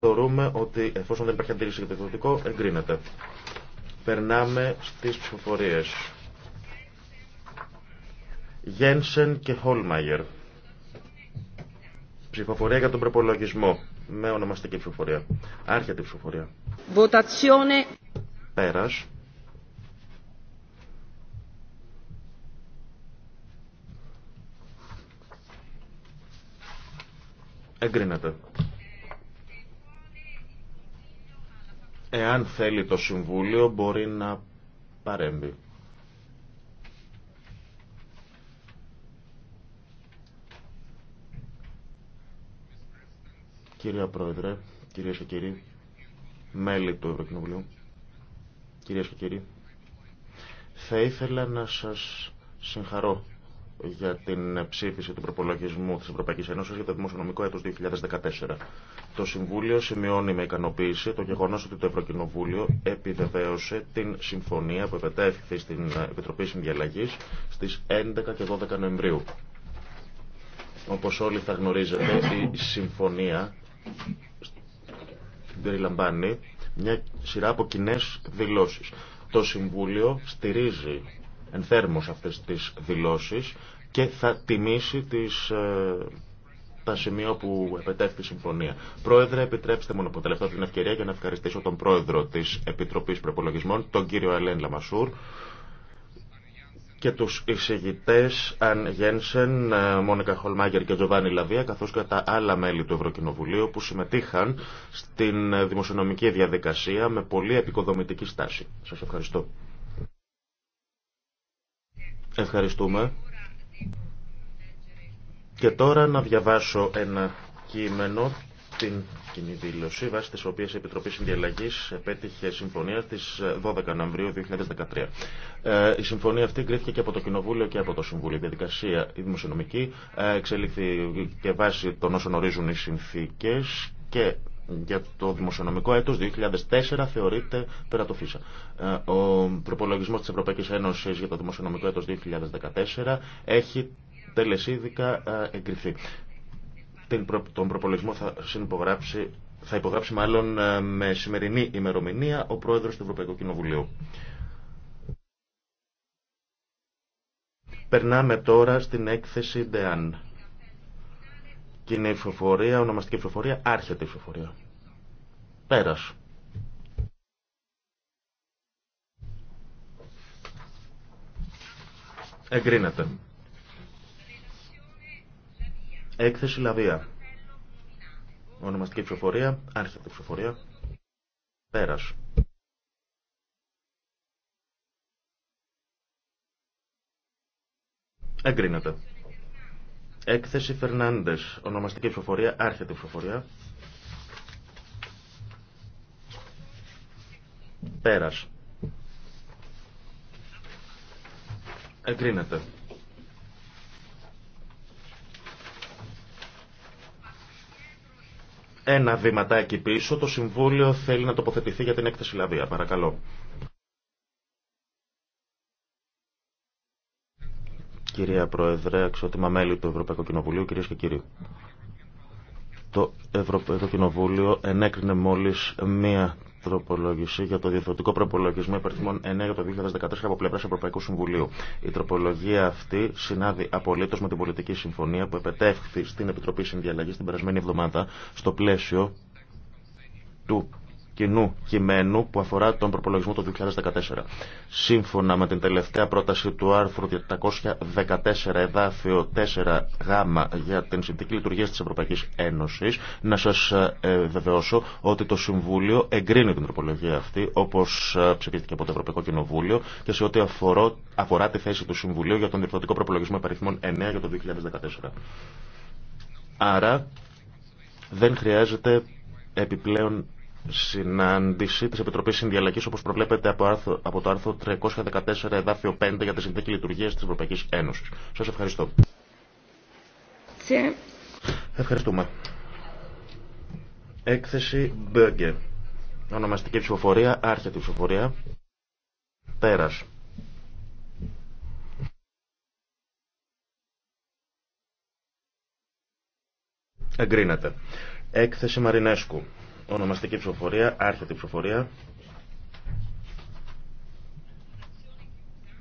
Θεωρούμε ότι εφόσον δεν υπάρχει αντίληψη για το εκδοτικό, εγκρίνεται. Περνάμε στις ψηφοφορίες. Γένσεν και Χόλμαγερ. Ψηφοφορία για τον προπολογισμό. Με ονομαστική ψηφοφορία. Άρχεται ψηφοφορία. Votazione. Πέρας. Εγκρίνεται. Εάν θέλει το Συμβούλιο μπορεί να παρέμβει. Κυρία Πρόεδρε, κυρίε και κύριοι, μέλη του Ευρωκοινοβουλίου, κυρίε και κύριοι, θα ήθελα να σα συγχαρώ για την ψήφιση του προπολογισμού τη Ευρωπαϊκή Ένωση για το δημοσιονομικό έτος 2014. Το Συμβούλιο σημειώνει με ικανοποίηση το γεγονό ότι το Ευρωκοινοβούλιο επιβεβαίωσε την συμφωνία που επετέφθη στην Επιτροπή Συνδιαλλαγή στι 11 και 12 Νοεμβρίου. Όπω όλοι θα γνωρίζετε, η συμφωνία περιλαμβάνει μια σειρά από κοινέ δηλώσει. Το Συμβούλιο στηρίζει ενθέρμως αυτές τις δηλώσεις και θα τιμήσει τις ε, τα σημεία που επετέφθη η συμφωνία. Πρόεδρε, επιτρέψτε μου να αποτελεστώ την ευκαιρία για να ευχαριστήσω τον πρόεδρο τη Επιτροπή Προπολογισμών, τον κύριο Αλέν Λαμασούρ, και τους εισηγητές Αν Γένσεν, ε, Μόνικα Χολμάγκερ και Τζοβάνι Λαβία καθώς και τα άλλα μέλη του Ευρωκοινοβουλίου που συμμετείχαν στην ε, δημοσιονομική διαδικασία με πολύ επικοδομητική στάση. Σας ευχαριστώ. Ευχαριστούμε. Και τώρα να διαβάσω ένα κείμενο, την κοινή δήλωση, βάσει τη οποία η Επιτροπή Συνδιαλλαγή επέτυχε συμφωνία στι 12 ε, Νοεμβρίου 2013. Ε, η συμφωνία αυτή κρίθηκε και από το Κοινοβούλιο και από το Συμβούλιο. Η διαδικασία η δημοσιονομική ε, εξελίχθη και βάσει των όσων ορίζουν οι συνθήκε και για το δημοσιονομικό έτος 2004 θεωρείται πέρα το φύσα. Ο προπολογισμός της Ευρωπαϊκής Ένωσης για το δημοσιονομικό έτος 2014 έχει τελεσίδικα εγκριθεί. Τον προπολογισμό θα συνυπογράψει θα υπογράψει μάλλον με σημερινή ημερομηνία ο πρόεδρος του Ευρωπαϊκού Κοινοβουλίου. Περνάμε τώρα στην έκθεση ΔΕΑΝ. Κοινή ψηφοφορία, ονομαστική ψηφοφορία, άρχεται η ψηφοφορία. Πέρας. Εγκρίνεται. Έκθεση Λαβία. Ονομαστική ψηφοφορία. Άρχεται ψηφοφορία. Πέρας. Εγκρίνεται. Έκθεση Φερνάντε. Ονομαστική ψηφοφορία. Άρχεται ψηφοφορία. Πέρας. Εγκρίνεται. Ένα βηματάκι πίσω, το Συμβούλιο θέλει να τοποθετηθεί για την έκθεση Λαβία. Παρακαλώ. Κυρία Πρόεδρε, αξιότιμα μέλη του Ευρωπαϊκού Κοινοβουλίου, κυρίε και κύριοι. Το Ευρωπαϊκό Κοινοβούλιο ενέκρινε μόλι μία τροπολόγηση για το διευθυντικό προπολογισμό υπερθυμών 9 για το 2014 από πλευρά Ευρωπαϊκού Συμβουλίου. Η τροπολογία αυτή συνάδει απολύτω με την πολιτική συμφωνία που επετεύχθη στην Επιτροπή Συνδιαλλαγή την περασμένη εβδομάδα στο πλαίσιο του κοινού κειμένου που αφορά τον προπολογισμό του 2014. Σύμφωνα με την τελευταία πρόταση του άρθρου 714 εδάφιο 4 γ για την συνθήκη λειτουργία τη Ευρωπαϊκή Ένωση, να σα ε, βεβαιώσω ότι το Συμβούλιο εγκρίνει την τροπολογία αυτή, όπω ε, ψηφίστηκε από το Ευρωπαϊκό Κοινοβούλιο και σε ό,τι αφορά τη θέση του Συμβουλίου για τον διευθυντικό προπολογισμό υπαριθμών 9 για το 2014. Άρα δεν χρειάζεται επιπλέον συνάντηση τη επιτροπή Συνδιαλλαγής όπως προβλέπεται από, άρθρο, από το άρθρο 314 εδάφιο 5 για τη συνθήκη λειτουργία τη Ευρωπαϊκή Ένωση. Σας ευχαριστώ. Ευχαριστούμε. Έκθεση Μπέγκε. Ονομαστική ψηφοφορία, άρχεται ψηφοφορία. Πέρας. Εγκρίνεται. Έκθεση Μαρινέσκου. Ονομαστική ψηφοφορία, άρχεται η ψηφοφορία.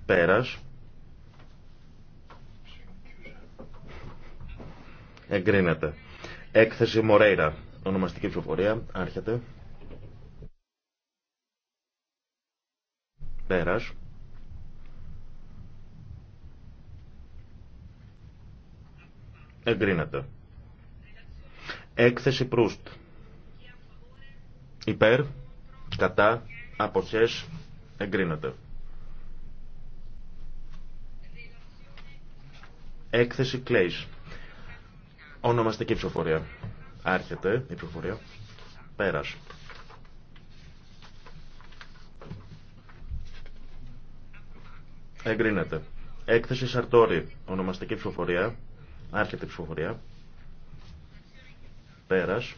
Πέρας. Εγκρίνεται. Έκθεση Μορέιρα. Ονομαστική ψηφοφορία, άρχεται. Πέρας. Εγκρίνεται. Έκθεση Προύστ. Υπέρ, κατά, αποχές, εγκρίνεται. Έκθεση κλαίς. Ονομαστική ψηφοφορία. Άρχεται η ψηφοφορία. Πέρας. Εγκρίνεται. Έκθεση σαρτόρι. Ονομαστική ψηφοφορία. Άρχεται η ψηφοφορία. Πέρας.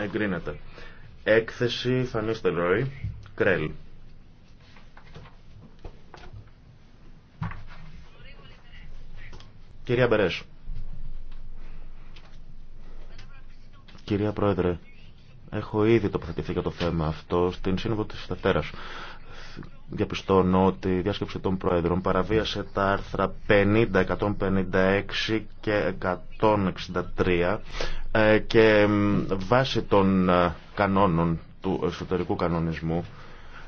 Εγκρίνεται. Έκθεση Φανίστε Ρόι. Κρέλ. Κυρία Μπερές. Κυρία Πρόεδρε, έχω ήδη τοποθετηθεί για το θέμα αυτό στην Σύνοδο της Δευτέρας διαπιστώνω ότι η διάσκεψη των Πρόεδρων παραβίασε τα άρθρα 50, 156 και 163 ε, και βάσει των ε, κανόνων του εσωτερικού κανονισμού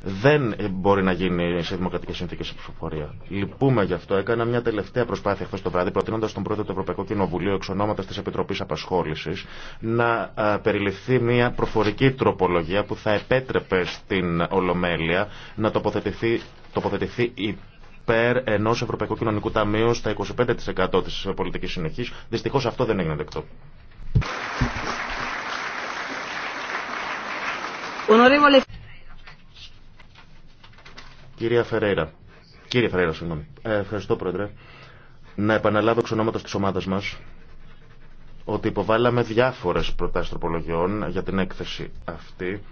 δεν μπορεί να γίνει σε δημοκρατικέ συνθήκε η ψηφοφορία. Λυπούμε γι' αυτό. Έκανα μια τελευταία προσπάθεια χθε το βράδυ, προτείνοντα τον πρόεδρο του Ευρωπαϊκού Κοινοβουλίου εξ ονόματο τη Επιτροπή Απασχόληση να περιληφθεί μια προφορική τροπολογία που θα επέτρεπε στην Ολομέλεια να τοποθετηθεί, τοποθετηθεί υπέρ ενό Ευρωπαϊκού Κοινωνικού Ταμείου στα 25% τη πολιτική συνοχή. Δυστυχώ αυτό δεν έγινε δεκτό. Κυρία Φερέιρα. Κύριε Φερέιρα, συγγνώμη. Ε, ευχαριστώ, Πρόεδρε. Να επαναλάβω εξ ονόματο τη ομάδα μα ότι υποβάλαμε διάφορε προτάσει τροπολογιών για την έκθεση αυτή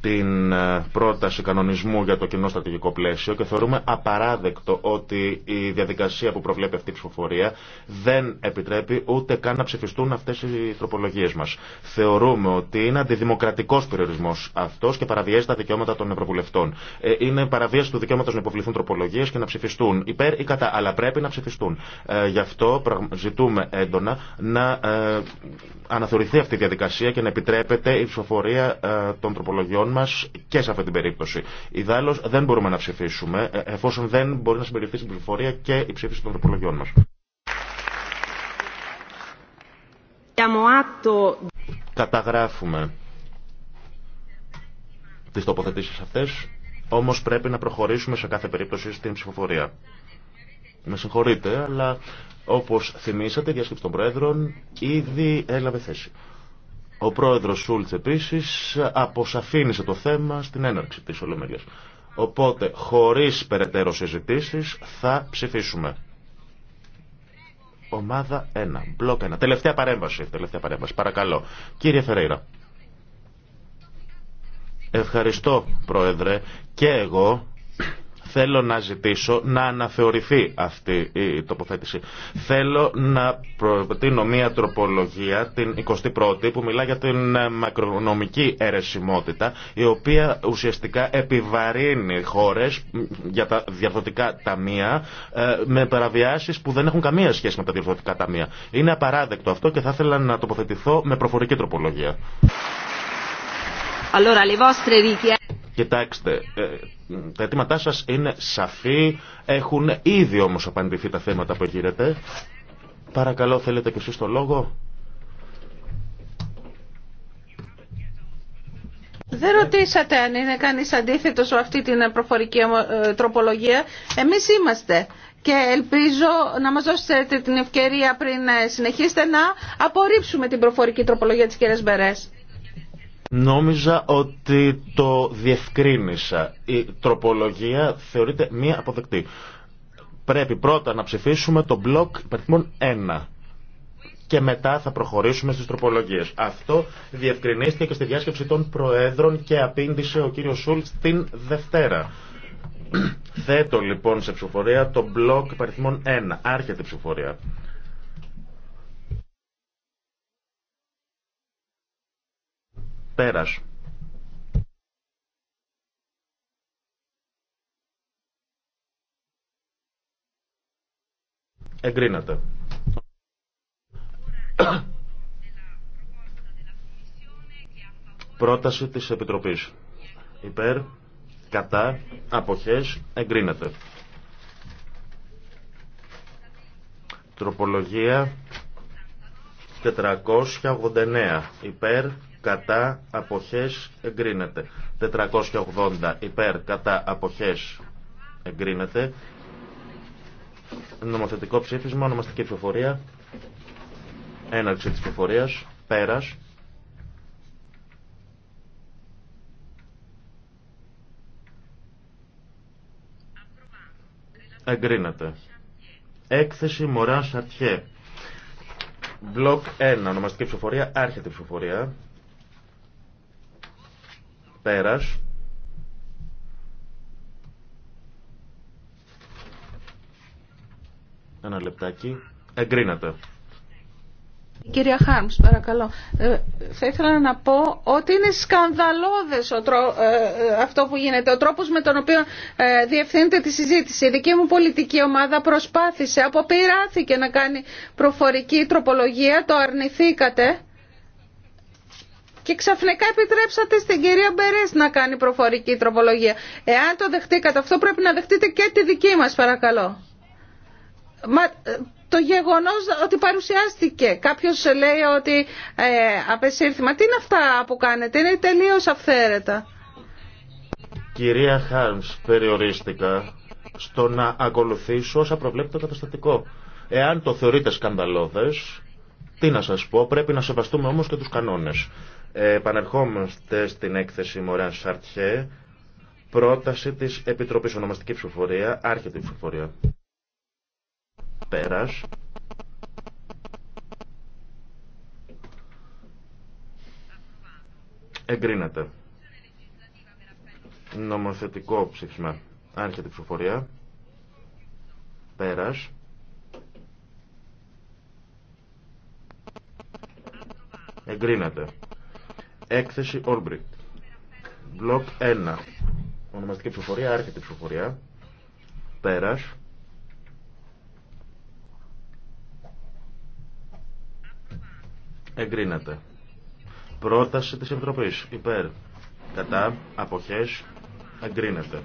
την ε, πρόταση κανονισμού για το κοινό στρατηγικό πλαίσιο και θεωρούμε απαράδεκτο ότι η διαδικασία που προβλέπει αυτή η ψηφοφορία δεν επιτρέπει ούτε καν να ψηφιστούν αυτέ οι τροπολογίε μα. Θεωρούμε ότι είναι αντιδημοκρατικό περιορισμό αυτό και παραβιάζει τα δικαιώματα των Ευρωβουλευτών. Ε, είναι παραβίαση του δικαιώματο να υποβληθούν τροπολογίε και να ψηφιστούν υπέρ ή κατά, αλλά πρέπει να ψηφιστούν. Ε, γι' αυτό ζητούμε έντονα να αναθεωρηθεί αυτή η διαδικασία και να επιτρέπεται η ψηφοφορία των τροπολογιών μα και σε αυτή την περίπτωση. Ιδάλω δεν μπορούμε να ψηφίσουμε ε, εφόσον δεν μπορεί να συμπεριληφθεί στην ψηφοφορία και η ψήφιση των τροπολογιών μα. Καταγράφουμε τις τοποθετήσεις αυτές, όμως πρέπει να προχωρήσουμε σε κάθε περίπτωση στην ψηφοφορία. Με συγχωρείτε, αλλά όπως θυμήσατε, η διάσκεψη των Πρόεδρων ήδη έλαβε θέση. Ο πρόεδρος Σούλτ επίσης αποσαφήνισε το θέμα στην έναρξη της Ολομέλειας. Οπότε, χωρίς περαιτέρω συζητήσει θα ψηφίσουμε. Ομάδα 1, μπλοκ 1. Τελευταία παρέμβαση, τελευταία παρέμβαση. Παρακαλώ. Κύριε Φερέιρα. Ευχαριστώ, Πρόεδρε. Και εγώ Θέλω να ζητήσω να αναθεωρηθεί αυτή η τοποθέτηση. Θέλω να προτείνω μία τροπολογία, την 21η, που μιλά για την ε, μακρονομική αιρεσιμότητα, η οποία ουσιαστικά επιβαρύνει χώρες για τα διαρθωτικά ταμεία ε, με παραβιάσεις που δεν έχουν καμία σχέση με τα διαρθωτικά ταμεία. Είναι απαράδεκτο αυτό και θα ήθελα να τοποθετηθώ με προφορική τροπολογία. Allora, le vostre... Κοιτάξτε, ε, τα αιτήματά σας είναι σαφή, έχουν ήδη όμως απαντηθεί τα θέματα που γίνεται. Παρακαλώ, θέλετε και εσείς το λόγο. Δεν ρωτήσατε αν είναι κανείς αντίθετο σε αυτή την προφορική ε, τροπολογία. Εμείς είμαστε και ελπίζω να μας δώσετε την ευκαιρία πριν ε, συνεχίσετε να απορρίψουμε την προφορική τροπολογία της κυρίας Μπερές. Νόμιζα ότι το διευκρίνησα. Η τροπολογία θεωρείται μία αποδεκτή. Πρέπει πρώτα να ψηφίσουμε το μπλοκ υπαριθμών 1 και μετά θα προχωρήσουμε στις τροπολογίες. Αυτό διευκρινίστηκε και στη διάσκεψη των Προέδρων και απήντησε ο κύριος Σούλτ την Δευτέρα. Θέτω λοιπόν σε ψηφοφορία το μπλοκ υπαριθμών 1. Άρχεται η ψηφοφορία. Πέρας. Εγκρίνεται. Πρόταση της Επιτροπής. Υπέρ, κατά, αποχές, εγκρίνεται. Τροπολογία 489. Υπέρ, κατά αποχές εγκρίνεται. 480 υπέρ κατά αποχές εγκρίνεται. Νομοθετικό ψήφισμα, ονομαστική ψηφοφορία. Έναρξη της ψηφοφορίας. Πέρας. Εγκρίνεται. Έκθεση Μωρά Σαρτιέ. Μπλοκ 1. Ονομαστική ψηφοφορία. Άρχεται η ψηφοφορία. Πέρας. Ένα λεπτάκι. Εγκρίνατε. Κυρία Χάρμς, παρακαλώ. Ε, θα ήθελα να πω ότι είναι σκανδαλώδες ε, ε, αυτό που γίνεται, ο τρόπος με τον οποίο ε, διευθύνεται τη συζήτηση. Η δική μου πολιτική ομάδα προσπάθησε, αποπειράθηκε να κάνει προφορική τροπολογία, το αρνηθήκατε και ξαφνικά επιτρέψατε στην κυρία Μπερές να κάνει προφορική τροπολογία. Εάν το δεχτήκατε αυτό πρέπει να δεχτείτε και τη δική μα παρακαλώ. Μα, ε, το γεγονό ότι παρουσιάστηκε. Κάποιο λέει ότι ε, απεσύρθη. Μα τι είναι αυτά που κάνετε, είναι τελείω αυθαίρετα. Κυρία Χάρμ, περιορίστηκα στο να ακολουθήσω όσα προβλέπει το καταστατικό. Εάν το θεωρείτε σκανδαλώδες, τι να σας πω, πρέπει να σεβαστούμε όμως και τους κανόνες επανερχόμαστε στην έκθεση Μωράν Σαρτιέ, πρόταση της Επιτροπής Ονομαστική Ψηφοφορία, άρχεται η ψηφοφορία. Πέρας. Εγκρίνεται. Νομοθετικό ψήφισμα, άρχεται η ψηφοφορία. Πέρας. Εγκρίνεται. Έκθεση Όλμπριχτ. Μπλοκ 1. Ονομαστική ψηφοφορία, άρχεται ψηφοφορία. Πέρα. Εγκρίνεται. Πρόταση της Επιτροπής. Υπέρ. Κατά. Αποχές. Εγκρίνεται.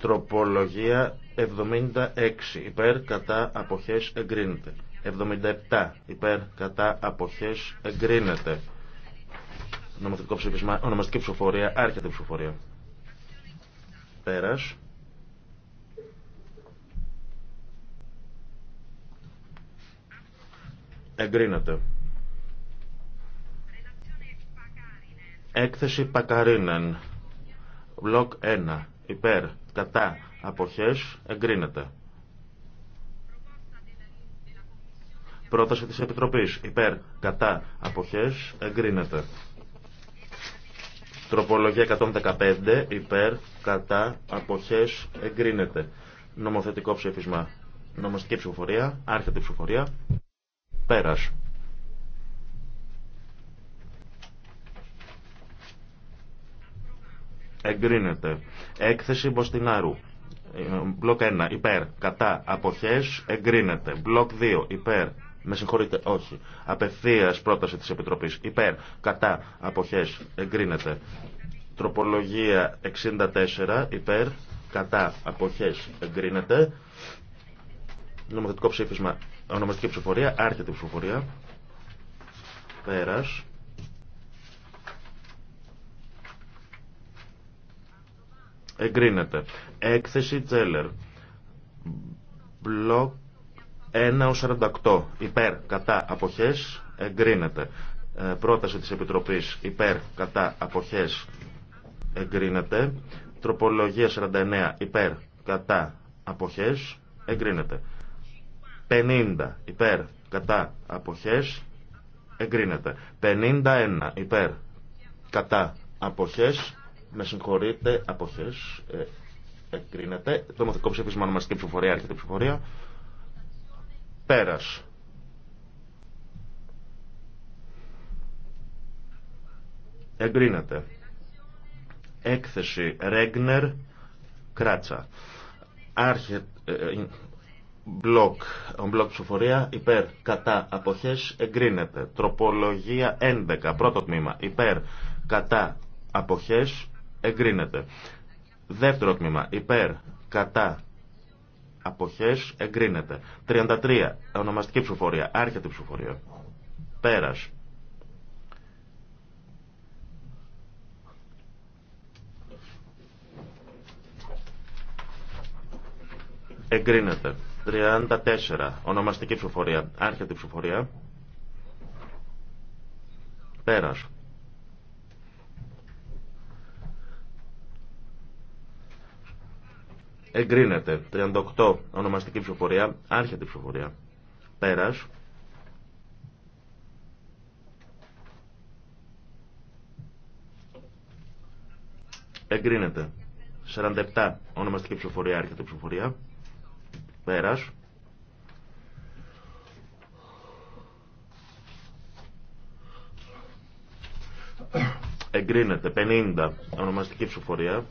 Τροπολογία 76. Υπέρ. Κατά. Αποχές. Εγκρίνεται. 77. Υπέρ. Κατά. Αποχές. Εγκρίνεται νομοθετικό ψήφισμα, ονομαστική ψηφοφορία, άρχεται ψηφοφορία. Πέρας. Εγκρίνεται. Έκθεση Πακαρίναν. Βλόκ 1. Υπέρ. Κατά. Αποχές. Εγκρίνεται. Πρόταση της Επιτροπής. Υπέρ. Κατά. Αποχές. Εγκρίνεται. Τροπολογία 115 υπέρ κατά αποχές εγκρίνεται. Νομοθετικό ψηφισμά. νομοστική ψηφοφορία. Άρχεται η ψηφοφορία. Πέρας. Εγκρίνεται. Έκθεση Μποστινάρου. Ε, μπλοκ 1 υπέρ κατά αποχές εγκρίνεται. Μπλοκ 2 υπέρ με συγχωρείτε, όχι. Απευθεία πρόταση τη Επιτροπή. Υπέρ. Κατά. Αποχέ. Εγκρίνεται. Τροπολογία 64. Υπέρ. Κατά. Αποχέ. Εγκρίνεται. Νομοθετικό ψήφισμα. Ονομαστική ψηφοφορία. Άρχεται ψηφοφορία. Πέρα. Εγκρίνεται. Έκθεση Τζέλερ. Μπλοκ 1 48 υπέρ κατά αποχές εγκρίνεται. Ε, πρόταση της Επιτροπής υπέρ κατά αποχές εγκρίνεται. Τροπολογία 49 υπέρ κατά αποχές εγκρίνεται. 50 υπέρ κατά αποχές εγκρίνεται. 51 υπέρ κατά αποχές με συγχωρείτε αποχές ε, εγκρίνεται. Το μαθηκό ψηφίσμα ονομαστική ψηφοφορία έρχεται ψηφοφορία. Πέρας. Εγκρίνεται. Έκθεση Ρέγνερ Κράτσα. Άρχε, ε, ε, μπλοκ, μπλοκ ψηφορία υπέρ, κατά, αποχές, εγκρίνεται. Τροπολογία 11, πρώτο τμήμα, υπέρ, κατά, αποχές, εγκρίνεται. Δεύτερο τμήμα, υπέρ, κατά, Αποχές εγκρίνεται. 33. Ονομαστική ψηφοφορία. Άρχεται η ψηφοφορία. Πέρας. Εγκρίνεται. 34. Ονομαστική ψηφοφορία. Άρχεται η ψηφοφορία. Πέρας. Εγκρίνεται. 38. Ονομαστική ψηφοφορία. Άρχεται ψηφοφορία. Πέρας. Εγκρίνεται. 47. Ονομαστική ψηφοφορία. Άρχεται ψηφοφορία. Πέρας. Εγκρίνεται. 50. Ονομαστική ψηφοφορία.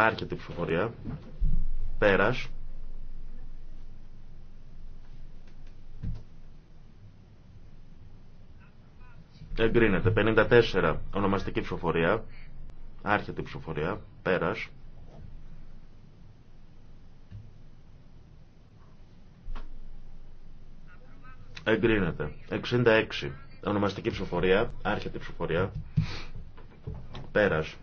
Άρχετη ψυχοφορία, ψηφοφορία. Πέρας. Εγκρίνεται. 54. Ονομαστική ψηφοφορία. Άρχεται η ψηφοφορία. Πέρας. Εγκρίνεται. 66. Ονομαστική ψηφοφορία. Άρχεται η ψηφοφορία. Πέρας.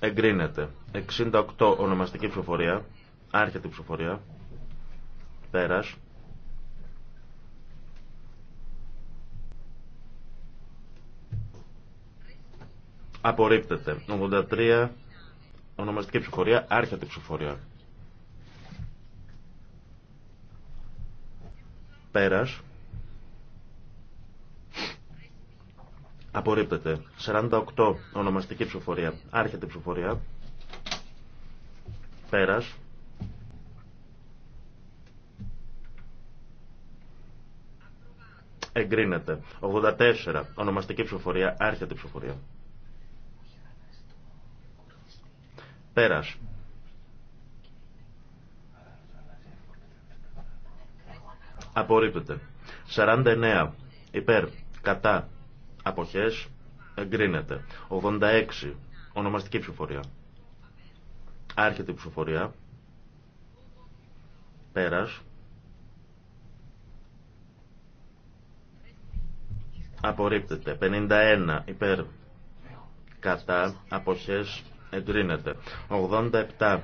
Εγκρίνεται. 68 ονομαστική ψηφοφορία. Άρχεται η ψηφοφορία. Πέρας. Απορρίπτεται. 83 ονομαστική ψηφοφορία. Άρχεται η ψηφοφορία. Πέρας. Απορρίπτεται. 48. Ονομαστική ψηφοφορία. Άρχεται ψηφοφορία. Πέρας. Εγκρίνεται. 84. Ονομαστική ψηφοφορία. Άρχεται ψηφοφορία. Πέρας. Απορρίπτεται. 49. Υπέρ. Κατά. Αποχές. Εγκρίνεται. 86. Ονομαστική ψηφοφορία. Άρχεται η ψηφοφορία. Πέρας. Απορρίπτεται. 51. Υπέρ. Κατά. Αποχές. Εγκρίνεται. 87.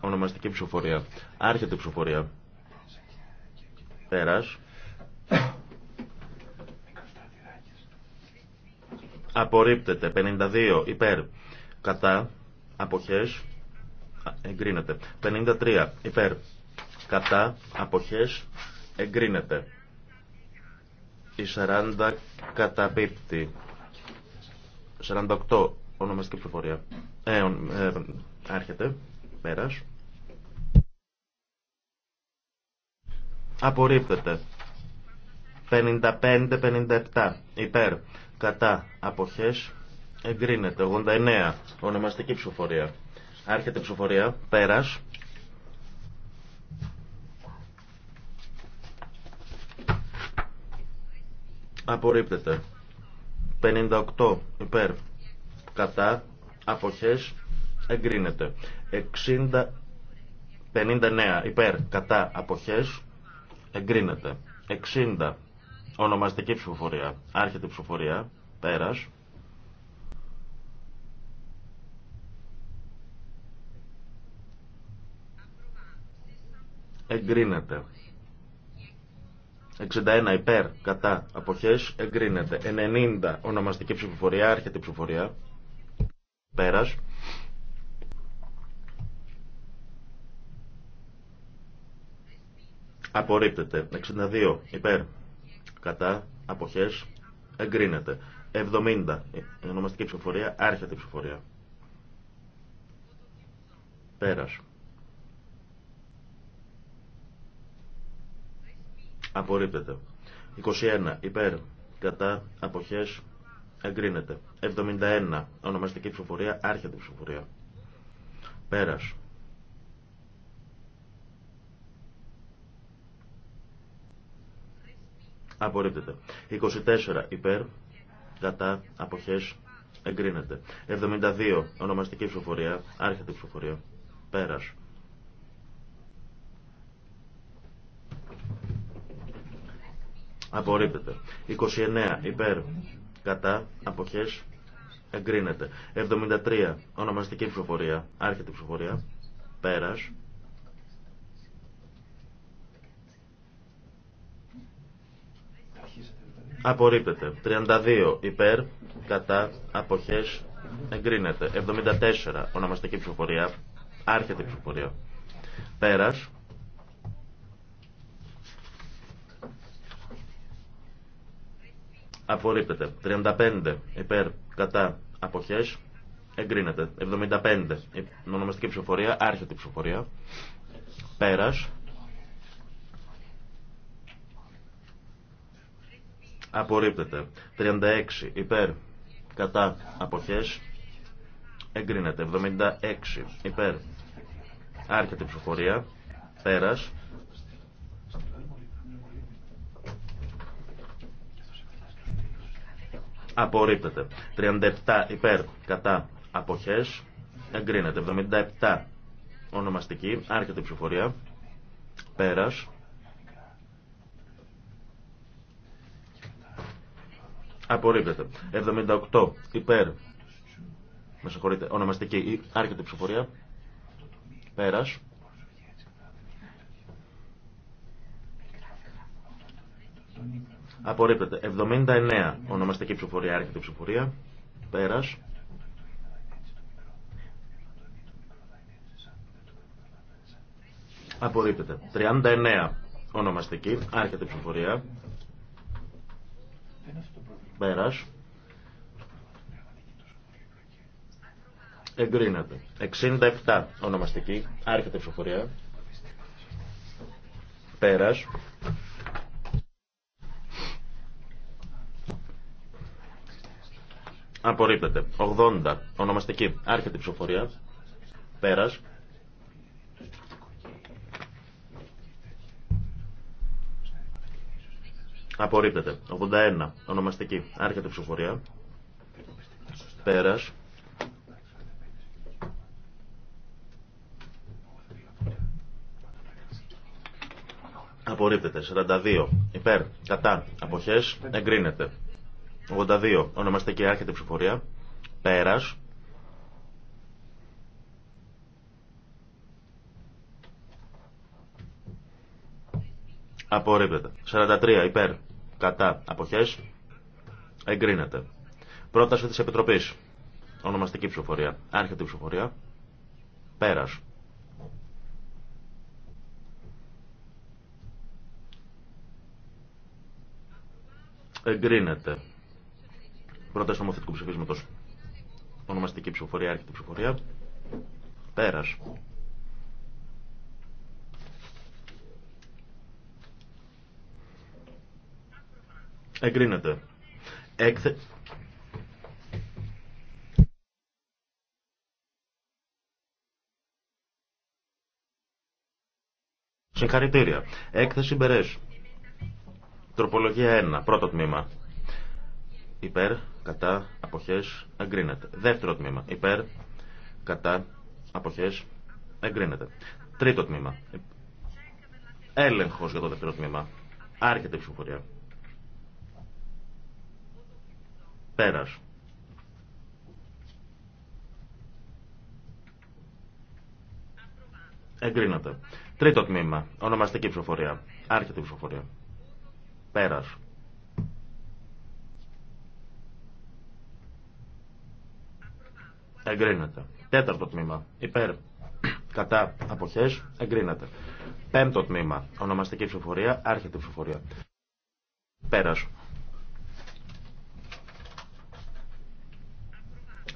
Ονομαστική ψηφοφορία. Άρχεται η ψηφοφορία. Πέρας. απορρίπτεται. 52 υπέρ κατά αποχές εγκρίνεται. 53 υπέρ κατά αποχές εγκρίνεται. Η 40 καταπίπτει. 48 ονομαστική πληροφορία. Ε, ε, άρχεται. Πέρας. Απορρίπτεται. 55-57 υπέρ κατά αποχές εγκρίνεται 89 ονομαστική ψηφοφορία άρχεται ψηφοφορία πέρας απορρίπτεται 58 υπέρ κατά αποχές εγκρίνεται 60 59 υπέρ κατά αποχές εγκρίνεται 60 Ονομαστική ψηφοφορία. Άρχεται ψηφοφορία. πέρα. Εγκρίνεται. 61 υπέρ, κατά, αποχές, εγκρίνεται. 90 ονομαστική ψηφοφορία, άρχεται ψηφοφορία. Πέρας. Απορρίπτεται. 62 υπέρ, κατά, αποχές, εγκρίνεται. 70, ονομαστική ψηφοφορία, άρχεται η ψηφοφορία. Πέρας. Απορρίπτεται. 21, υπέρ, κατά, αποχές, εγκρίνεται. 71, ονομαστική ψηφοφορία, άρχεται η ψηφοφορία. Πέρας. Απορρίπτεται. 24 υπέρ, κατά, αποχές, εγκρίνεται. 72 ονομαστική ψηφοφορία, άρχεται ψηφοφορία, πέρας. Απορρίπτεται. 29 υπέρ, κατά, αποχές, εγκρίνεται. 73 ονομαστική ψηφοφορία, άρχεται ψηφοφορία, πέρας. Απορρίπτεται. 32 υπέρ, κατά, αποχές, εγκρίνεται. 74 ονομαστική ψηφοφορία, άρχεται η ψηφοφορία. Πέρας. Απορρίπτεται. 35 υπέρ, κατά, αποχές, εγκρίνεται. 75 ονομαστική ψηφοφορία, άρχεται η ψηφοφορία. Πέρας. απορρίπτεται. 36 υπέρ κατά αποχές εγκρίνεται. 76 υπέρ άρχεται η ψηφοφορία. Πέρας. Απορρίπτεται. 37 υπέρ κατά αποχές εγκρίνεται. 77 ονομαστική άρχεται η ψηφοφορία. Πέρας. Απορρίπτεται. 78 υπέρ. Με συγχωρείτε. Ονομαστική ή άρχεται ψηφορία. πέρα. Απορρίπτεται. 79 ονομαστική ψηφορία. άρκετη ψηφορία. πέρα. Απορρίπτεται. 39 ονομαστική. Άρχεται ψηφορία. Πέρας. Εγκρίνεται. 67 ονομαστική. Άρχεται ψηφοφορία. Πέρας. Απορρίπτεται. 80 ονομαστική. Άρχεται η ψηφοφορία. Πέρας. Απορρίπτεται. 81. Ονομαστική. Άρχεται ψηφοφορία. Πέρας. Απορρίπτεται. 42. Υπέρ. Κατά. Αποχές. Εγκρίνεται. 82. Ονομαστική. Άρχεται ψηφοφορία. Πέρας. Απορρίπτεται. 43. Υπέρ. Κατά. Αποχές. Εγκρίνεται. Πρόταση της Επιτροπής. Ονομαστική ψηφοφορία. Άρχεται η ψηφοφορία. Πέρας. Εγκρίνεται. Πρόταση νομοθετικού ψηφίσματος. Ονομαστική ψηφοφορία. Άρχεται η ψηφοφορία. Πέρας. Εγκρίνεται. Έκθε... Συγχαρητήρια. Έκθεση Μπερές. Τροπολογία 1. Πρώτο τμήμα. Υπέρ, κατά, αποχές, εγκρίνεται. Δεύτερο τμήμα. Υπέρ, κατά, αποχές, εγκρίνεται. Τρίτο τμήμα. Ε- Έλεγχος για το δεύτερο τμήμα. Άρχεται η ψηφοφορία. Πέρας. Εγκρίνεται. Τρίτο τμήμα. Ονομαστική ψηφοφορία. Άρχεται η ψηφοφορία. Πέρας. Εγκρίνεται. Τέταρτο τμήμα. Υπέρ. Κατά. Αποχές. Εγκρίνεται. Πέμπτο τμήμα. Ονομαστική ψηφοφορία. Άρχεται η ψηφοφορία. Πέρας.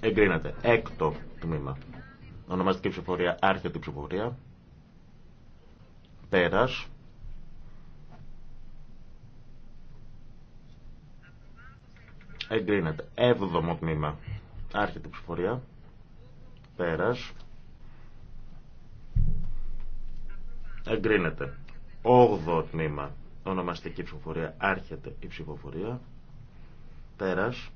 Εγκρίνεται. Έκτο τμήμα. Ονομαστική ψηφοφορία. Άρχεται η ψηφοφορία. Πέρας. Εγκρίνεται. Έβδομο τμήμα. Άρχεται η ψηφοφορία. Πέρας. Εγκρίνεται. Όγδο τμήμα. Ονομαστική ψηφοφορία. Άρχεται η ψηφοφορία. Πέρας.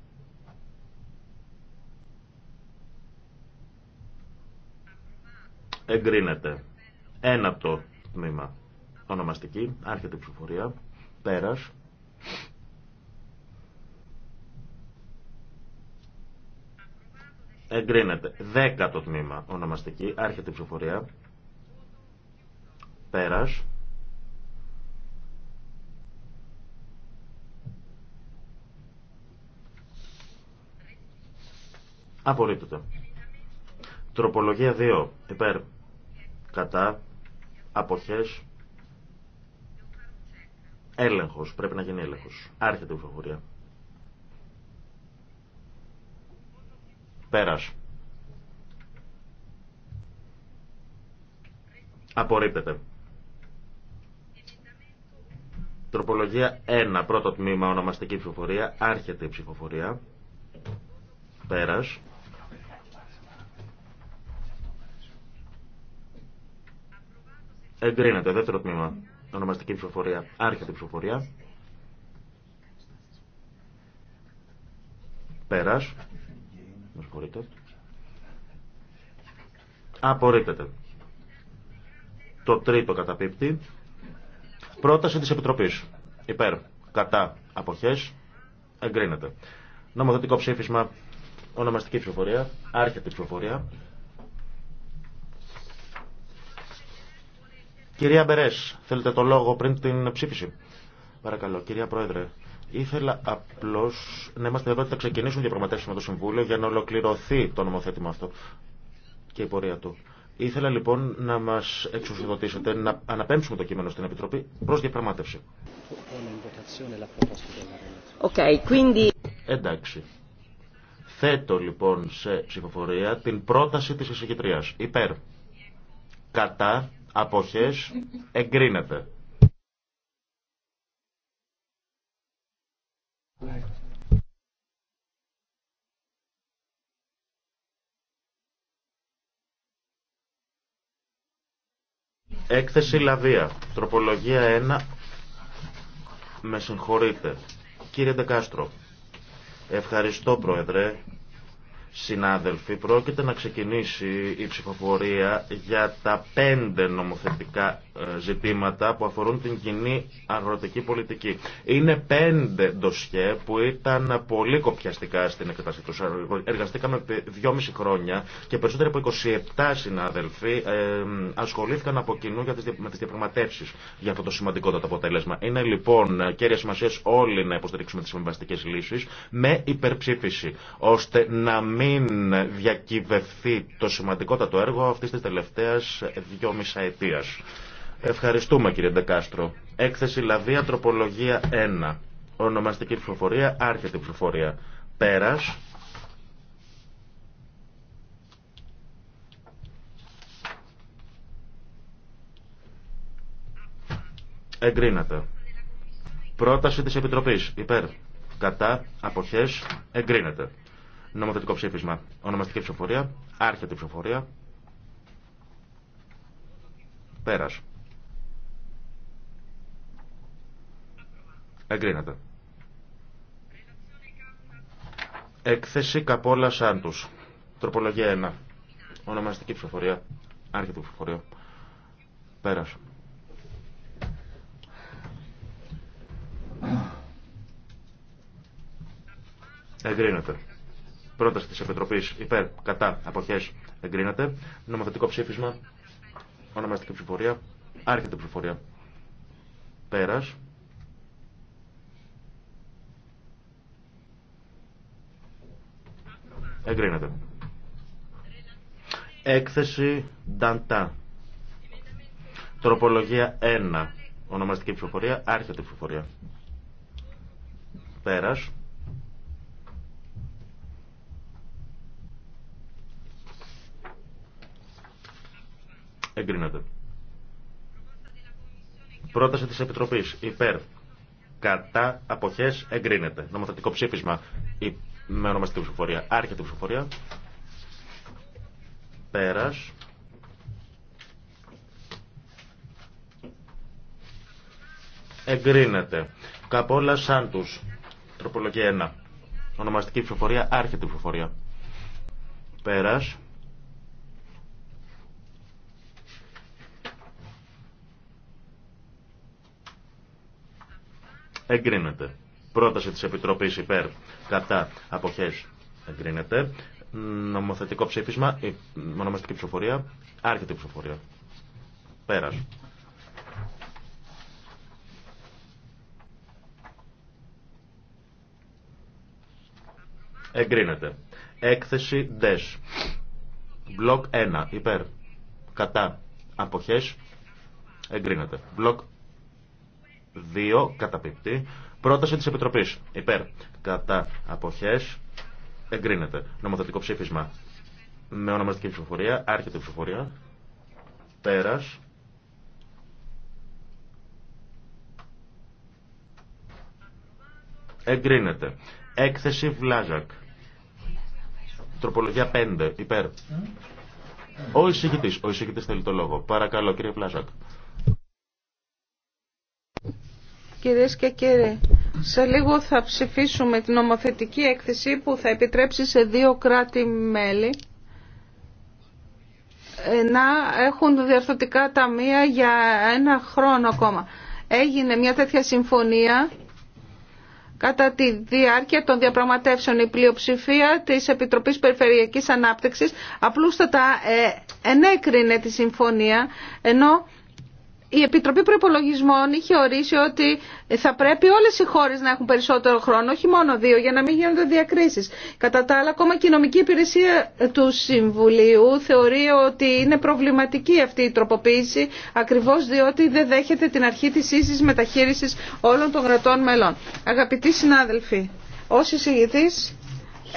Εγκρίνεται. το τμήμα. Ονομαστική. Άρχεται η ψηφοφορία. Πέρας. Εγκρίνεται. Δέκατο τμήμα. Ονομαστική. Άρχεται η ψηφοφορία. Πέρας. Απορρίπτεται. Τροπολογία 2. Υπέρ κατά, αποχές, έλεγχος, πρέπει να γίνει έλεγχος. Άρχεται η ψηφοφορία. Πέρας. Απορρίπτεται. Τροπολογία 1, πρώτο τμήμα, ονομαστική ψηφοφορία, άρχεται η ψηφοφορία. Πέρας. Εγκρίνεται. Δεύτερο τμήμα. Ονομαστική ψηφοφορία. Άρχεται η ψηφοφορία. Πέρας. Απορρίπτεται. Το τρίτο καταπίπτει. Πρόταση της Επιτροπής. Υπέρ. Κατά. Αποχές. Εγκρίνεται. Νομοθετικό ψήφισμα. Ονομαστική ψηφοφορία. Άρχεται η ψηφοφορία. Κυρία Μπερέ, θέλετε το λόγο πριν την ψήφιση. Παρακαλώ, κυρία Πρόεδρε. Ήθελα απλώ να είμαστε εδώ ότι θα ξεκινήσουν διαπραγματεύσει με το Συμβούλιο για να ολοκληρωθεί το νομοθέτημα αυτό και η πορεία του. Ήθελα λοιπόν να μα εξουσιοδοτήσετε να αναπέμψουμε το κείμενο στην Επιτροπή προ διαπραγμάτευση. quindi... Εντάξει. Θέτω λοιπόν σε ψηφοφορία την πρόταση τη εισηγητρία. Υπέρ. Κατά. Αποχές εγκρίνεται. Έκθεση Λαβία. Τροπολογία 1. Με συγχωρείτε. Κύριε Ντεκάστρο. Ευχαριστώ, Πρόεδρε. Συνάδελφοι, πρόκειται να ξεκινήσει η ψηφοφορία για τα πέντε νομοθετικά ε, ζητήματα που αφορούν την κοινή αγροτική πολιτική. Είναι πέντε ντοσιέ που ήταν πολύ κοπιαστικά στην εκτάσή του. Εργαστήκαμε δυόμιση χρόνια και περισσότεροι από 27 συνάδελφοι ε, ασχολήθηκαν από κοινού με τις διαπραγματεύσει για αυτό το σημαντικότατο αποτέλεσμα. Είναι λοιπόν κέρια σημασία όλοι να υποστηρίξουμε τι συμβαστικέ λύσει με υπερψήφιση, ώστε να μην μην διακυβευθεί το σημαντικότατο έργο αυτής της τελευταίας δυόμισα αιτίας. Ευχαριστούμε κύριε Ντεκάστρο. Έκθεση Λαβία Τροπολογία 1. Ονομαστική ψηφοφορία, άρχεται ψηφοφορία. Πέρας. Εγκρίνεται. Πρόταση της Επιτροπής. Υπέρ. Κατά. Αποχές. Εγκρίνεται. Νομοθετικό ψήφισμα. Ονομαστική ψηφοφορία. Άρχεται η ψηφοφορία. πέρασε, Εγκρίνεται. Έκθεση Καπόλα Σάντου. Τροπολογία 1. Ονομαστική ψηφοφορία. Άρχεται η ψηφοφορία. πέρασε, Εγκρίνεται. Πρόταση τη Επιτροπής υπέρ, κατά, αποχές εγκρίνεται. Νομοθετικό ψήφισμα, ονομαστική ψηφορία, άρχεται ψηφορία. Πέρας. Εγκρίνεται. Έκθεση Νταντά. Τροπολογία 1. Ονομαστική ψηφοφορία, άρχεται ψηφοφορία. Πέρας. Εγκρίνεται. Πρόταση της Επιτροπής. Υπέρ. Κατά. Αποχές. Εγκρίνεται. Νομοθετικό ψήφισμα. Με ονομαστική ψηφοφορία. Άρχεται η ψηφοφορία. Πέρας. Εγκρίνεται. Καπόλα Σάντους. Τροπολογία 1. Ονομαστική ψηφοφορία. Άρχεται η ψηφοφορία. Πέρας. εγκρίνεται. Πρόταση της Επιτροπής υπέρ κατά αποχές εγκρίνεται. Νομοθετικό ψήφισμα, η μονομαστική ψηφοφορία, άρχεται η ψηφοφορία. Πέρας. Εγκρίνεται. Έκθεση DES. Μπλοκ 1. Υπέρ. Κατά. Αποχές. Εγκρίνεται. Μπλοκ 2 καταπληκτή Πρόταση της Επιτροπής. Υπέρ. Κατά αποχές. Εγκρίνεται. Νομοθετικό ψήφισμα. Με ονομαστική ψηφοφορία. Άρχεται ψηφοφορία. Πέρας. Εγκρίνεται. Έκθεση Βλάζακ. Τροπολογία 5. Υπέρ. Ο εισηγητής. Ο εισηγητής θέλει το λόγο. Παρακαλώ κύριε Βλάζακ. Κυρίες και κύριοι, σε λίγο θα ψηφίσουμε την νομοθετική έκθεση που θα επιτρέψει σε δύο κράτη-μέλη ε, να έχουν διαρθωτικά ταμεία για ένα χρόνο ακόμα. Έγινε μια τέτοια συμφωνία κατά τη διάρκεια των διαπραγματεύσεων η πλειοψηφία της Επιτροπής Περιφερειακής Ανάπτυξης απλούστατα ε, ενέκρινε τη συμφωνία ενώ η Επιτροπή Προπολογισμών είχε ορίσει ότι θα πρέπει όλες οι χώρες να έχουν περισσότερο χρόνο, όχι μόνο δύο, για να μην γίνονται διακρίσεις. Κατά τα άλλα, ακόμα και η νομική υπηρεσία του Συμβουλίου θεωρεί ότι είναι προβληματική αυτή η τροποποίηση, ακριβώς διότι δεν δέχεται την αρχή της ίση μεταχείρισης όλων των κρατών μελών. Αγαπητοί συνάδελφοι, όσοι εισηγητή,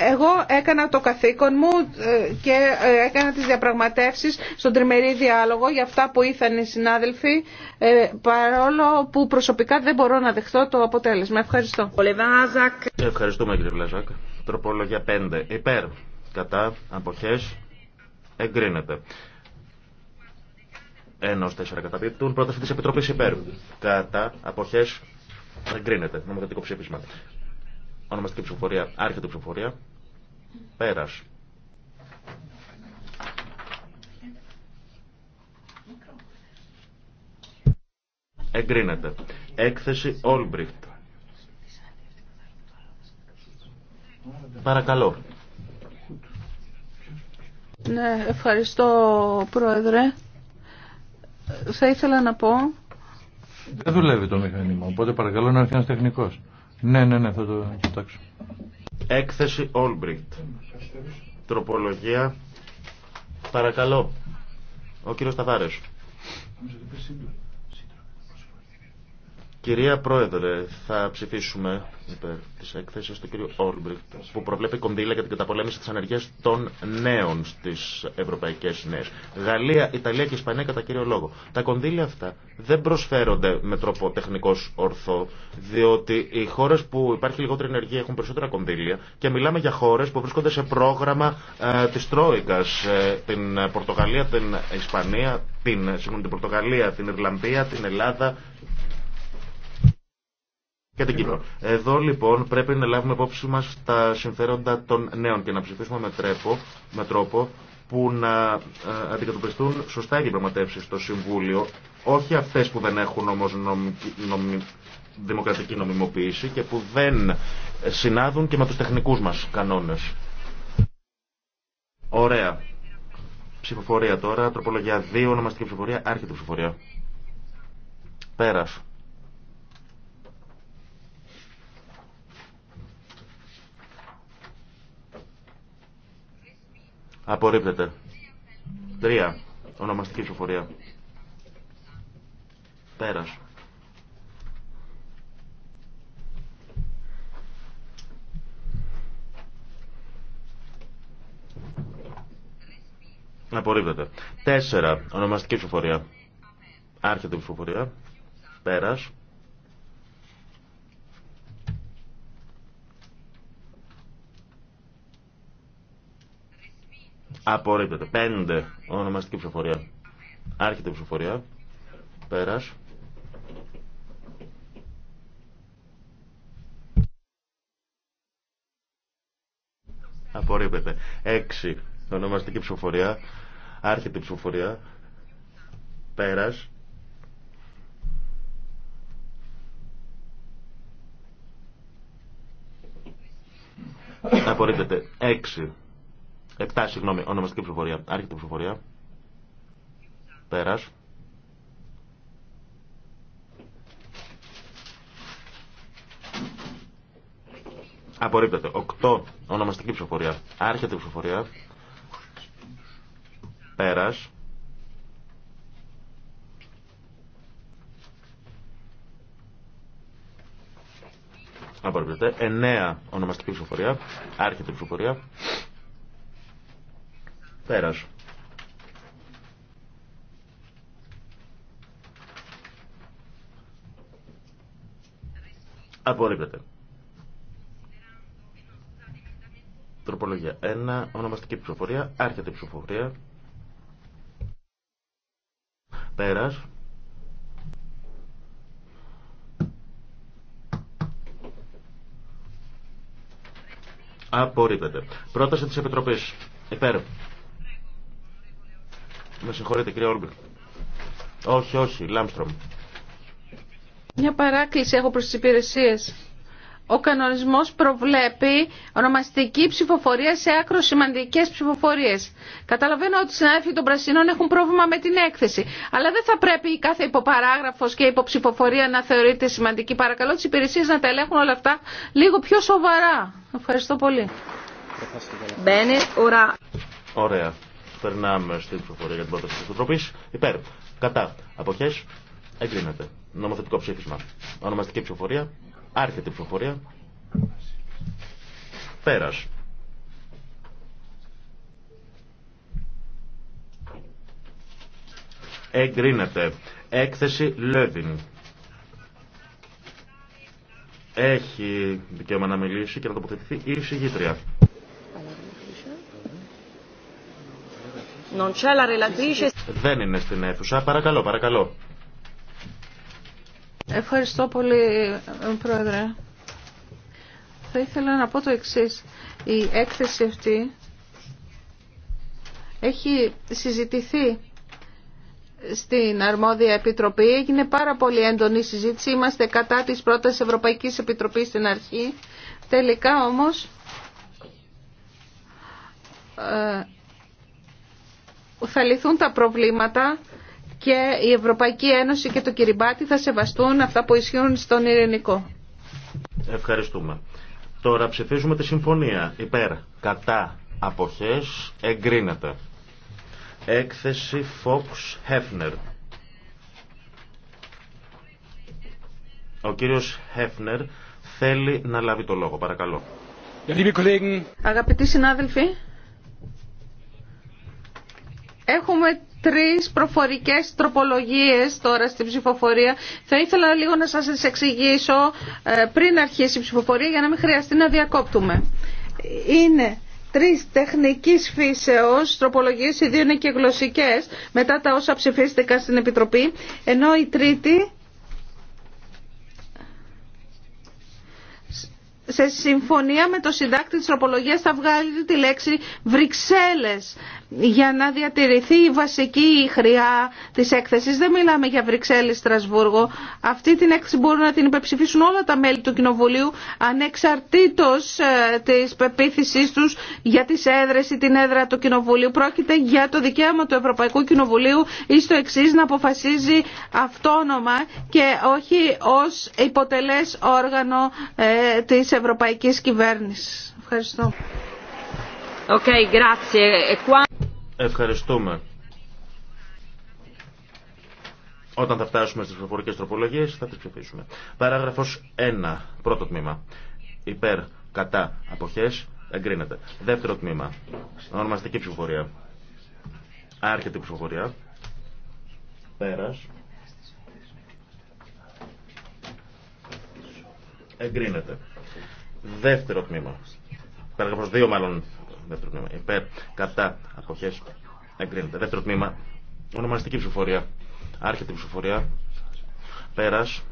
εγώ έκανα το καθήκον μου ε, και ε, έκανα τις διαπραγματεύσεις στον τριμερή διάλογο για αυτά που ήθαν οι συνάδελφοι ε, παρόλο που προσωπικά δεν μπορώ να δεχτώ το αποτέλεσμα. Ευχαριστώ. Ευχαριστούμε κύριε Βλαζάκ. Τροπολογία 5. Υπέρ. Κατά. Αποχές. Εγκρίνεται. 1-4 καταπίπτουν. Πρόταση τη Επιτροπής υπέρ. Κατά. Αποχές. Εγκρίνεται. Νομοθετικό ψήφισμα. Ονομαστική ψηφοφορία. Άρχεται ψηφοφορία. Πέρας. Εγκρίνεται. Έκθεση Όλμπριχτ. Παρακαλώ. Ναι, ευχαριστώ Πρόεδρε. Θα ήθελα να πω... Δεν δουλεύει το μηχανήμα, οπότε παρακαλώ να έρθει ένας τεχνικός. Ναι, ναι, ναι, θα το κοιτάξω. Έκθεση Όλμπριχτ. Τροπολογία. Παρακαλώ. Ο κύριος Ταβάρες. Κυρία Πρόεδρε, θα ψηφίσουμε υπέρ τη έκθεση του κ. Όλμπριχτ που προβλέπει κονδύλια για την καταπολέμηση τη ανεργία των νέων στι ευρωπαϊκέ νέε. Γαλλία, Ιταλία και Ισπανία κατά κύριο λόγο. Τα κονδύλια αυτά δεν προσφέρονται με τρόπο τεχνικό ορθό, διότι οι χώρε που υπάρχει λιγότερη ενεργία έχουν περισσότερα κονδύλια και μιλάμε για χώρε που βρίσκονται σε πρόγραμμα ε, τη Τρόικα. Ε, την Πορτογαλία, την Ισπανία, την, σύγχρον, την Πορτογαλία, την Ιρλανδία, την Ελλάδα και Εδώ λοιπόν πρέπει να λάβουμε υπόψη μα τα συμφέροντα των νέων και να ψηφίσουμε με, τρέπο, με τρόπο που να ε, αντικατοπιστούν σωστά οι διαπραγματεύσει στο Συμβούλιο, όχι αυτέ που δεν έχουν όμω δημοκρατική νομιμοποίηση και που δεν συνάδουν και με του τεχνικού μα κανόνε. Ωραία. Ψηφοφορία τώρα, τροπολογία 2, ονομαστική ψηφοφορία, άρχεται ψηφοφορία. Πέρασε. Απορρίπτεται. Τρία Ονομαστική ψηφοφορία. Πέρας. Απορρίπτεται. Τέσσερα Ονομαστική ψηφοφορία. Άρχεται η ψηφοφορία. Πέρας. Απορρίπτεται. Πέντε. Ονομαστική ψηφοφορία. Άρχεται η ψηφοφορία. Πέρα. Απορρίπτεται. Έξι. Ονομαστική ψηφοφορία. Άρχεται η ψηφοφορία. Πέρα. Απορρίπτεται. Έξι. Επτά, συγγνώμη, ονομαστική ψηφοφορία. Άρχεται ψηφοφορία. Πέρας. Απορρίπτεται. Οκτώ, ονομαστική ψηφοφορία. Άρχεται ψηφοφορία. Πέρας. Απορρίπτεται. Εννέα, ονομαστική ψηφοφορία. Άρχεται ψηφοφορία. Πέρας. Απορρίπτεται. Τροπολογία 1. Ονομαστική ψηφοφορία. Άρχεται η ψηφοφορία. Πέρας. Απορρίπτεται. Πρόταση της Επιτροπής. Υπέρ. Με συγχωρείτε κύριε Όλμπερ. Όχι, όχι, Λάμστρομ. Μια παράκληση έχω προς τις υπηρεσίες. Ο κανονισμός προβλέπει ονομαστική ψηφοφορία σε άκρο σημαντικές ψηφοφορίες. Καταλαβαίνω ότι οι συνάδελφοι των Πρασινών έχουν πρόβλημα με την έκθεση. Αλλά δεν θα πρέπει κάθε υποπαράγραφος και υποψηφοφορία να θεωρείται σημαντική. Παρακαλώ τις υπηρεσίες να τα ελέγχουν όλα αυτά λίγο πιο σοβαρά. Ευχαριστώ πολύ. Ωραία. Περνάμε στην ψηφοφορία για την πρόταση τη Επιτροπή. Υπέρ. Κατά. Αποχέ. Εγκρίνεται. Νομοθετικό ψήφισμα. Ονομαστική ψηφοφορία. Άρχεται η ψηφοφορία. Πέρα. Εγκρίνεται. Έκθεση Λέβιν. Έχει δικαίωμα να μιλήσει και να τοποθετηθεί η συγγήτρια. Δεν είναι στην αίθουσα. Παρακαλώ, παρακαλώ. Ευχαριστώ πολύ, ε, Πρόεδρε. Θα ήθελα να πω το εξή. Η έκθεση αυτή έχει συζητηθεί στην αρμόδια επιτροπή. Έγινε πάρα πολύ έντονη συζήτηση. Είμαστε κατά της πρώτη Ευρωπαϊκής Επιτροπής στην αρχή. Τελικά όμως ε, θα λυθούν τα προβλήματα και η Ευρωπαϊκή Ένωση και το Κυριμπάτι θα σεβαστούν αυτά που ισχύουν στον Ειρηνικό. Ευχαριστούμε. Τώρα ψηφίζουμε τη συμφωνία. Υπέρ, κατά, αποχές, εγκρίνεται. Έκθεση Fox Hefner. Ο κύριος Hefner θέλει να λάβει το λόγο. Παρακαλώ. Αγαπητοί συνάδελφοι, Έχουμε τρεις προφορικές τροπολογίες τώρα στην ψηφοφορία. Θα ήθελα λίγο να σας εξηγήσω ε, πριν αρχίσει η ψηφοφορία για να μην χρειαστεί να διακόπτουμε. Είναι τρεις τεχνικής φύσεως τροπολογίες, οι δύο είναι και γλωσσικές μετά τα όσα ψηφίστηκαν στην Επιτροπή, ενώ η τρίτη σε συμφωνία με το συντάκτη της τροπολογίας θα βγάλει τη λέξη Βρυξέλλες για να διατηρηθεί η βασική χρειά της έκθεσης. Δεν μιλάμε για Βρυξέλλες Στρασβούργο. Αυτή την έκθεση μπορούν να την υπεψηφίσουν όλα τα μέλη του Κοινοβουλίου ανεξαρτήτως ε, της πεποίθησής τους για τις έδρες ή την έδρα του Κοινοβουλίου. Πρόκειται για το δικαίωμα του Ευρωπαϊκού Κοινοβουλίου ή στο εξή να αποφασίζει αυτόνομα και όχι ως υποτελές όργανο ε, της Ευρωπαϊκή κυβέρνησης. Ευχαριστώ. Okay, grazie. Ε, Ευχαριστούμε. Όταν θα φτάσουμε στις προφορικέ τροπολογίες θα τις ψηφίσουμε. Παράγραφος 1, πρώτο τμήμα. Υπέρ, κατά, αποχές, εγκρίνεται. Δεύτερο τμήμα, ονομαστική ψηφοφορία. Άρχεται η ψηφοφορία. Πέρας. Εγκρίνεται. Δεύτερο τμήμα. Παράγραφος 2 μάλλον. Δεύτερο τμήμα. Υπέρ. Κατά. Αποχές. Εγκρίνεται. Δεύτερο τμήμα. Ονομαστική ψηφοφορία. Άρχεται η ψηφοφορία. Πέρας.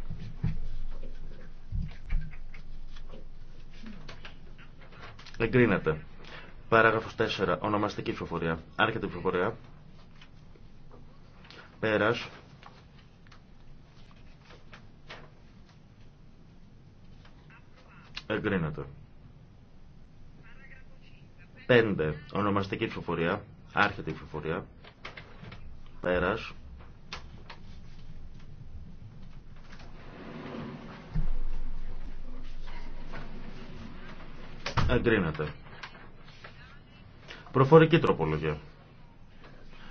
Εγκρίνεται. Παράγραφος 4. Ονομαστική ψηφοφορία. Άρχεται η ψηφοφορία. Πέρας. Εγκρίνεται. 5. Ονομαστική ψηφοφορία. Άρχεται η ψηφοφορία. Πέρας. Εγκρίνεται. Προφορική τροπολογία.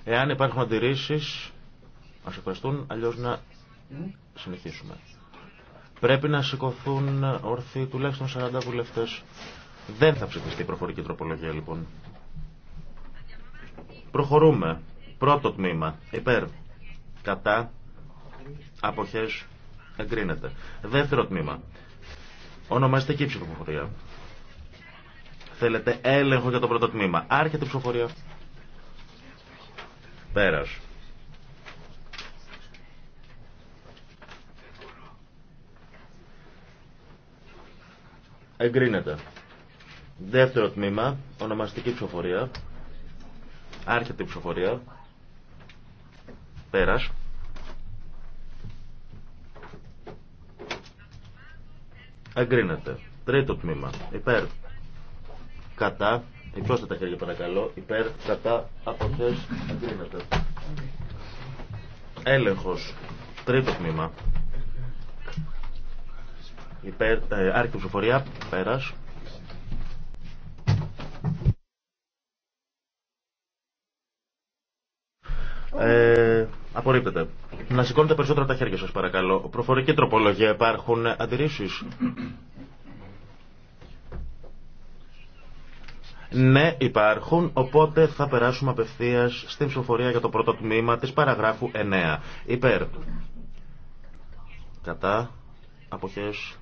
Εάν υπάρχουν αντιρρήσει, α ευχαριστούν, αλλιώ να συνεχίσουμε. Πρέπει να σηκωθούν ορθοί τουλάχιστον 40 βουλευτέ. Δεν θα ψηφιστεί η προφορική τροπολογία λοιπόν. Προχωρούμε. Πρώτο τμήμα. Υπέρ. Κατά. αποχέ. Εγκρίνεται. Δεύτερο τμήμα. Ονομαστική ψηφοφορία. Θέλετε έλεγχο για το πρώτο τμήμα. Άρχεται η ψηφοφορία. Πέρας. Εγκρίνεται. Δεύτερο τμήμα, ονομαστική ψηφοφορία. Άρχεται η ψηφοφορία. Πέρας. Εγκρίνεται. Τρίτο τμήμα, υπέρ. Κατά. Υψώστε τα χέρια παρακαλώ. Υπέρ, κατά, αποχές, εγκρίνεται. Έλεγχος. Τρίτο τμήμα. Υπέρ, ε, άρκη ψηφοφορία, πέρας. Ε, απορρίπτεται. Να σηκώνετε περισσότερα τα χέρια σας παρακαλώ. Προφορική τροπολογία υπάρχουν αντιρρήσεις. Ναι, υπάρχουν, οπότε θα περάσουμε απευθείας στην ψηφοφορία για το πρώτο τμήμα της παραγράφου 9. Υπέρ. Κατά. Αποχές.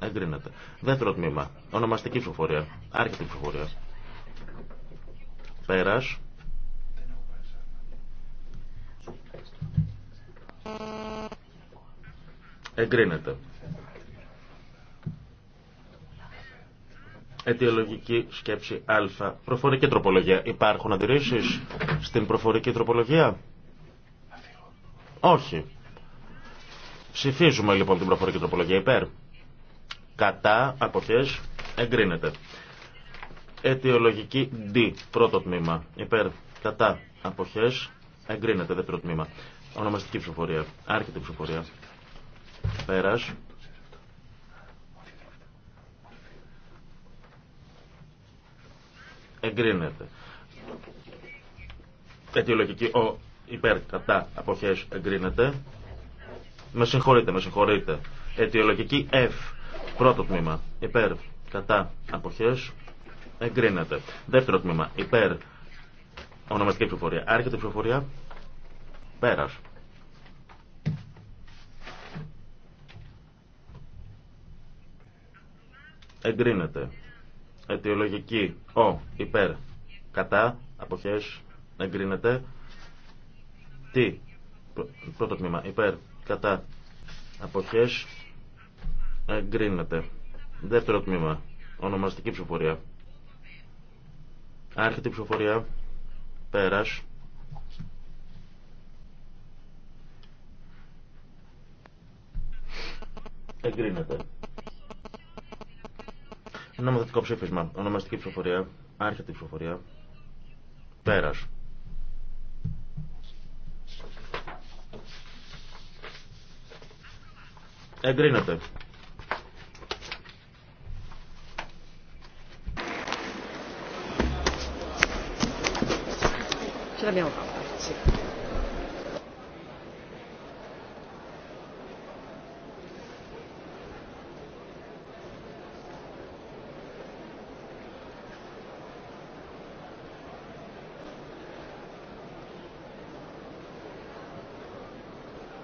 Εγκρίνεται. Δεύτερο τμήμα. Ονομαστική ψηφοφορία. Άρχιτη ψηφοφορία. Πέρας. Εγκρίνεται. Αιτιολογική σκέψη Α. Προφορική τροπολογία. Υπάρχουν αντιρρήσει στην προφορική τροπολογία. Όχι. Ψηφίζουμε λοιπόν την προφορική τροπολογία υπέρ κατά, αποχές, εγκρίνεται. Αιτιολογική D, πρώτο τμήμα, υπέρ, κατά, αποχές, εγκρίνεται, δεύτερο τμήμα. Ονομαστική ψηφοφορία, άρχιτη ψηφοφορία. Πέρας. Εγκρίνεται. Αιτιολογική ο, υπέρ, κατά, αποχές, εγκρίνεται. Με συγχωρείτε, με συγχωρείτε. Αιτιολογική F, Πρώτο τμήμα. Υπέρ. Κατά. Αποχές. Εγκρίνεται. Δεύτερο τμήμα. Υπέρ. Ονομαστική ψηφοφορία. Άρχεται η ψηφοφορία. Πέρας. Εγκρίνεται. Αιτιολογική. Ο. Υπέρ. Κατά. Αποχές. Εγκρίνεται. Τι. Πρώτο τμήμα. Υπέρ. Κατά. Αποχές. Εγκρίνεται. Δεύτερο τμήμα. Ονομαστική ψηφοφορία. Άρχεται η ψηφοφορία. Πέρας. Εγκρίνεται. Νομοθετικό ψήφισμα. Ονομαστική ψηφοφορία. Άρχεται ψηφοφορία. Πέρας. Εγκρίνεται. Σα ευχαριστώ.